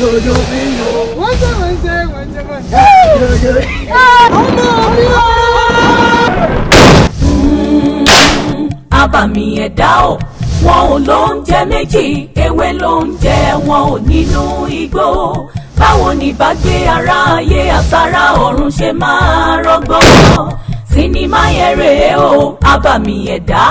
Yo-yo mi yo. Wọ́n ṣe wọ́n ṣe wọ́n ṣe wọ́n ṣe. Yo-yo mi. Ọmọ mi o. Abàmì ẹ̀dá o, wọn ò lóúnjẹ méjì, ewé lóúnjẹ wọn ò nínú igbó báwo ni bàgbé ara ayé àtàrà ọ̀run ṣe máa rọ́gbọ́n sinimá yẹn rèé o abàmì ẹ̀dá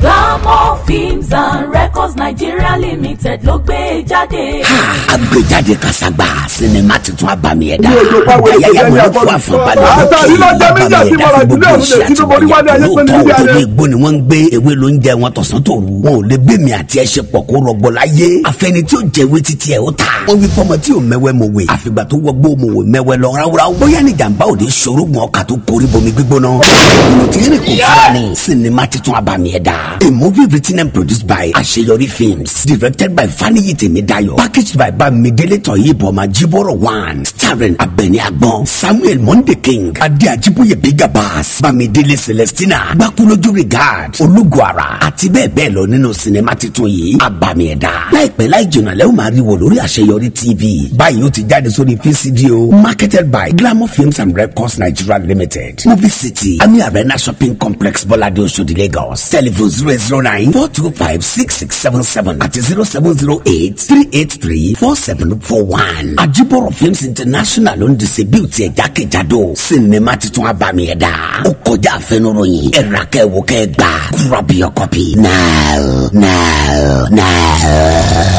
glamour films and records nigeria limited ló gbé e jáde. àgbéjáde ah, kasagba sinimá tuntun abami ẹ̀dá ayẹyẹwò ló fún àfọ̀nbalẹ̀ abami ẹ̀dá fún gbogbo iṣẹ́ àtìwáyà lóòótọ́ torí igbó ni wọ́n ń gbé ewé ló ń jẹ wọn tọ̀sán tòru wọn ò lè gbé mi àti ẹ ṣe pọ̀ kó rọgbọ láyé afẹni tí ó jẹwé títí ẹ ó ta wọn wí fọmọ tí ò mẹwẹ mo wè àfìgbà tó wọgbó mo wè mẹwẹ lọ ráúráú bóyá ní jàǹbá òde ṣòro gbọn ọkà tó korí gbígbóná ìmùtí rìn and produced by àṣeyọrí films directed by Fanny tèmídayọ̀ packaged by bamidele tọ̀yìnbó ọmọ jíbọ̀rọ̀ one starring Abeni Agbon, samuel monday king adé àjíbóyè bigabas bamidele celestina gbàkúlójú regard olúguara Atibe Belo, bẹ́ẹ̀ lọ nínú sinimá titun yìí abàmì ẹ̀dá láìpẹ́ láì jìnnà lẹ́wọ̀n máa rí wò lórí àṣeyọrí tv báyìí ó ti jáde sórí pcd o marketed by glamour films and records nigeria limited movie city ami arena shopping complex bọ́ládé oṣòdì lagos telephone zero nine two five six six seven seven at zero seven zero eight three eight three four seven four one. àjíbọ̀rọ̀ films international ló ń distribute ẹ̀ jákèjádò sinimá titun abami ẹ̀dá ó kọjá àfẹnuròyìn ẹ̀rọ akẹ́wò kẹ́ gbà grab your copy now now now.